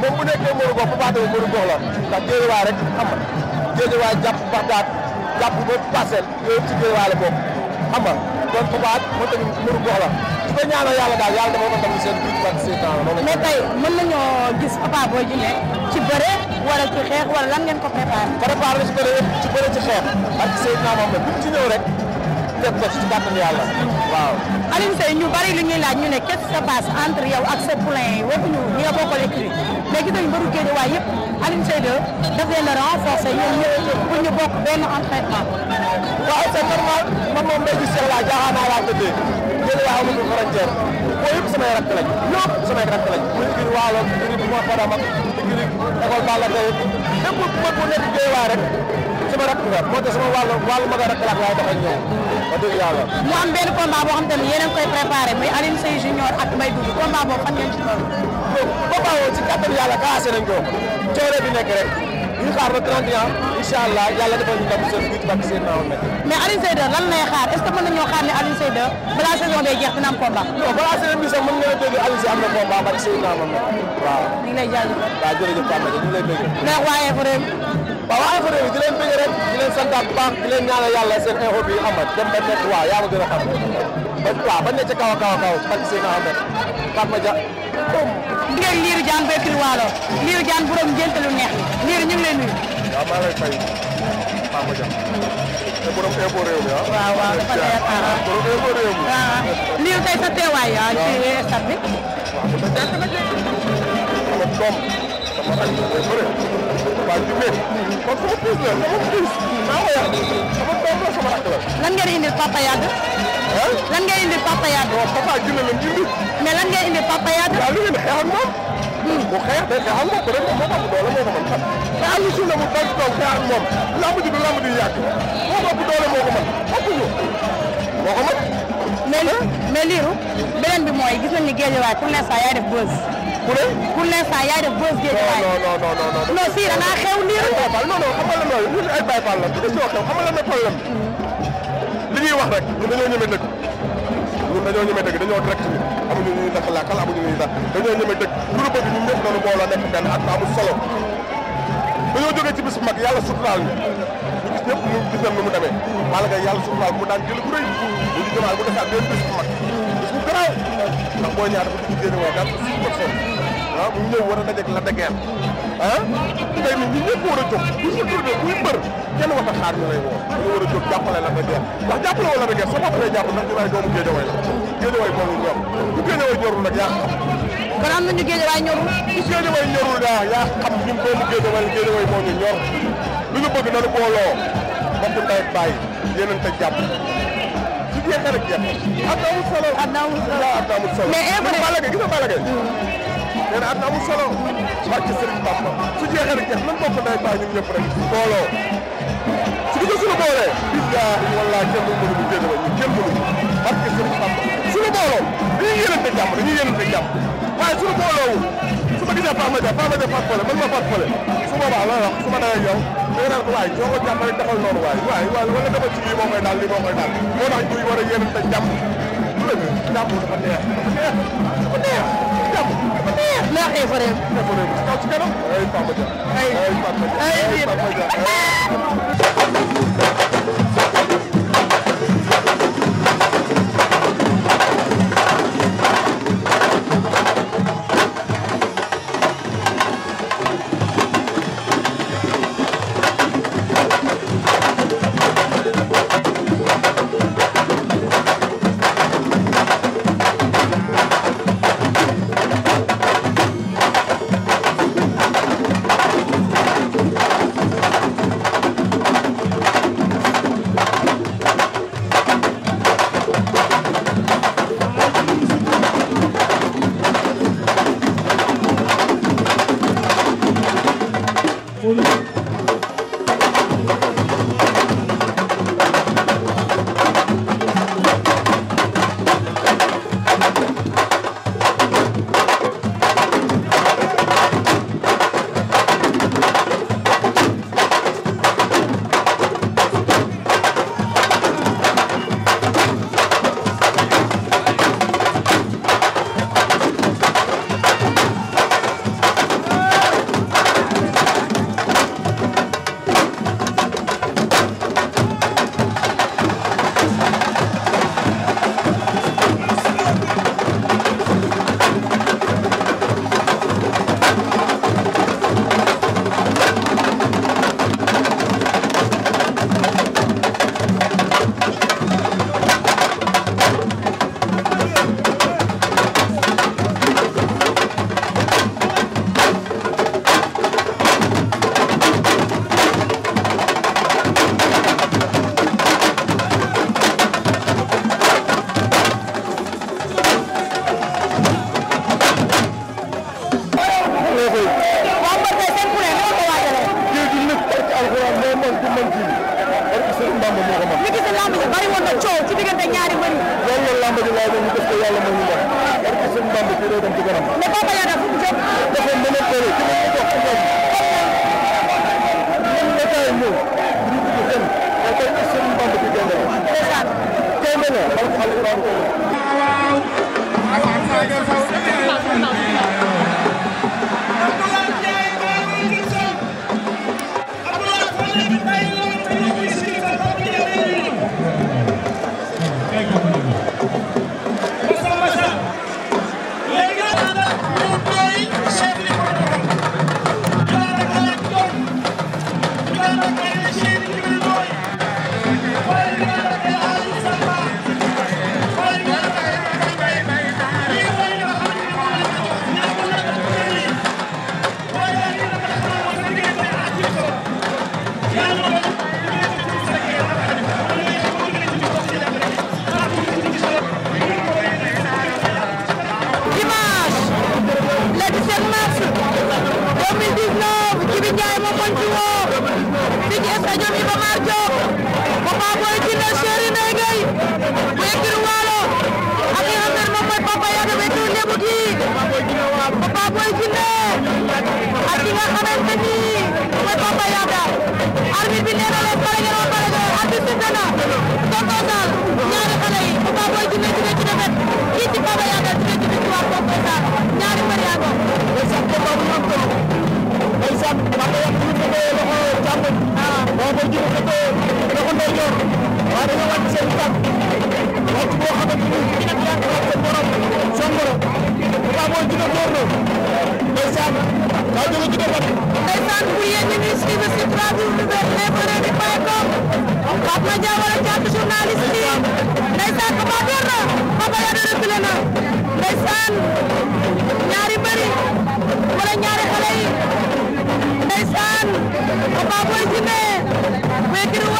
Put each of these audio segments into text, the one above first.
moom bu nekkee mënu gox Papa Sow mënu gox la ndax géejewaay rek xam nga géejewaay jàpp Baxdaad jàpp ba Parcelles yooyu ci géejewaay la bokk xam nga kon Papa moom tamit mënu gox la su ko ñaanal yàlla daal yàlla dafa ko tam seen biir ci wàllu seen temps la. mais tey mën nañoo gis Papa Boy Djiné ci bëre wala ci xeex wala lan ngeen ko préparé. préparé na ci bëre yëpp ci bëre ci xeex ak ci seen temps moom la bu ñu ci ñëw rek. fekk ko ci kàttan yàlla waaw. Alioune Seye ñu bari li ñuy laaj ñu ne qu'est-ce qui se passe entre yow ak sa poulain yi waxuñu ñi nga bokkal écrit mais gis nañu mbiru Guédiawaye yëpp Alioune Seye de daf leen a ñu bokk benn entraînement. waaw c'est normal man moom mbéy mi Cheikh laa naa laa tëddee Guédiawaye amul frontière boo yëpp samay rakk lañ ñëpp samay rakk lañ muy ngir waaloon ngir bu ma fadama ngir école Balla Gaye lépp mën bu nekk Guédiawaye rek. sama rakk nga moo tax sama wàllu wàllu ma nga rakk laa laay doxee ñoom wax yàlla mu am benn xam te ne yéen a koy préparé muy Alioune Seye Junior ak Mbaye Doudou combat boobu fan ngeen ci toll combat boobu ci kàttan yàlla kaase nañ ko coore bi nekk rek ñu xaar ba 30 ans incha allah yàlla defal ñu ndam seen biir bàq nekk mais Alioune Seye lan lay xaar est ce que mën nañoo xaar ne Alioune Seye 2 balaa saison day jeex dina am la dégg Alioune Seye am na combat bàq seen naaw waaw waa info bi di leen bëgg rek di leen santaat bu baax di leen ñaanal yàlla seen info bi xam nga dem ba nekk waaw yaa ma gën a xam ba waaw ba nekk ca kaw a kaw a kaw parce que seen Ahmed Fatma Dia ngeen liiru jaan ba kii waalo liiru jaan borom ngénte lu neex liiru ñu ngi lay nuyu waaw maa lay fay Fatma Dia hmm. te borom info réew mi ah. waaw waaw dafa leer ah borom info réew mi waaw ah, ah. liiru tey sa teewaay ah ci stade bi waaw sama rajo mooy ko yàq la sama rakk la. lan ngeen indil Papa Yade. lan ngeen indil Papa Yade. waaw papa jënd la indi. mais lan ngeen hmm. na suuf la mu bi mooy gis nañu ne géej waay pour l'instant yaay def buzz. ku ne. pour l'instant yaay def buzz géej waay. non non non non non. non si da naa xew nii rek. ay non non xamal la nooy ñun ay Baye Fall la ñu xew xamal la ne problème mm-hmm. li ñuy wax rek ñun dañoo ñeme dëgg ñun dañoo ñeme dëgg dañoo direct ñun amuñu ñuy ndax laakal amuñu ñuy ndax dañoo ñeme dëgg lu bëgg ñun ñëpp doon mbooloo nekk benn at mu amul solo dañoo jógee ci bis bu mag yàlla suturaal ñu ñu gis ñëpp ñu gis nañ nu mu demee. Balla Gaye yàlla suturaal mu daan jël bu rëy bu ñu jëmaal bu defaat benn bis bu mag booy ñaar dafa dugg génn woo kat jot foofu ah mu ñëw war a dajeeg la dageer ah tey nit ñi ñëpp war a jóg bu ñu tuddee buy mbër kenn wax a xaar ñu lay woo dañu war a jóg jàppale la dageer ndax jàppale wala dageer sa bopp lay jàpp ndax ñu lay doomu géejawaay la géejawaay boobu ñor bu géejawaay ñorul nag yaa xam kon am nañu géejawaay ñorul bu géejawaay ñorul daa yaa xam ñun doomu géejawaay géejawaay moo ñu ñor lu ñu bëgg nanu booloo bokk ndey bàyyi yéenante jàpp jeex a jeex àdduna amul solo. àdduna amul solo àdduna amul solo. mais énu bëri gis nga Balla Gaye gis nga Balla Gaye. nee na àdduna amul solo. barke Serigne Bamba su jeexee rek jeex nañ bokk ndey bàyyi ñun ñëpp rek booloo su ma gisee Pape Madia Pape Madia Pape Fale man ma Pape Fale su boobaa looy wax su ma demee ak yow da nga naan ko waay soo ko jàmbalee defal noonu waay waay waay wala defal ci lii moo koy daal lii moo koy daal moo tax ñu war a yéene te jàmm du la jàmm dafa neex dafa neex dafa neex jàmm dafa neex. neex ay fareem. neex ay fareem ci kaw ci kanam. ay Pape Madia ay Pape Madia ay Pape Madia Thank you.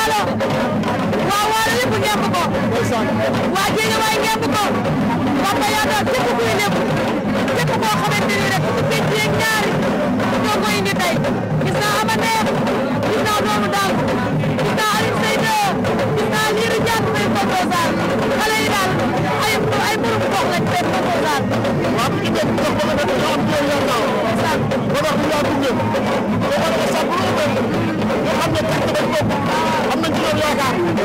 waalo waa waalo lépp ñëpp ko waa jéego waay ñëpp ko Papa Yada képp kuy lépp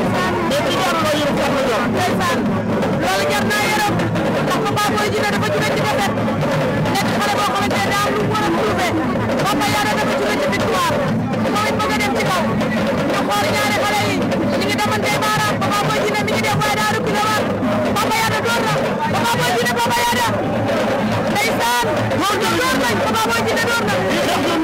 mais bu ñu am loo yëngu jar na yor. ndeysaan loolu jar naa yërëm ndax papa booy jibe dafa jibe ci defet nekk xale boo xamante ne daa am lu mu war a prouvé papa yaada dafa jibe ci victoire moom it bëgg a dem ci kaw nga xool ñaari xale yi ñu ngi demantee baaraam papa booy jibe mi ngi def waaye daa rukki waat papa yaada door na papa booy jibe papa yaada ndeysaan door na door nañ papa booy jibe door na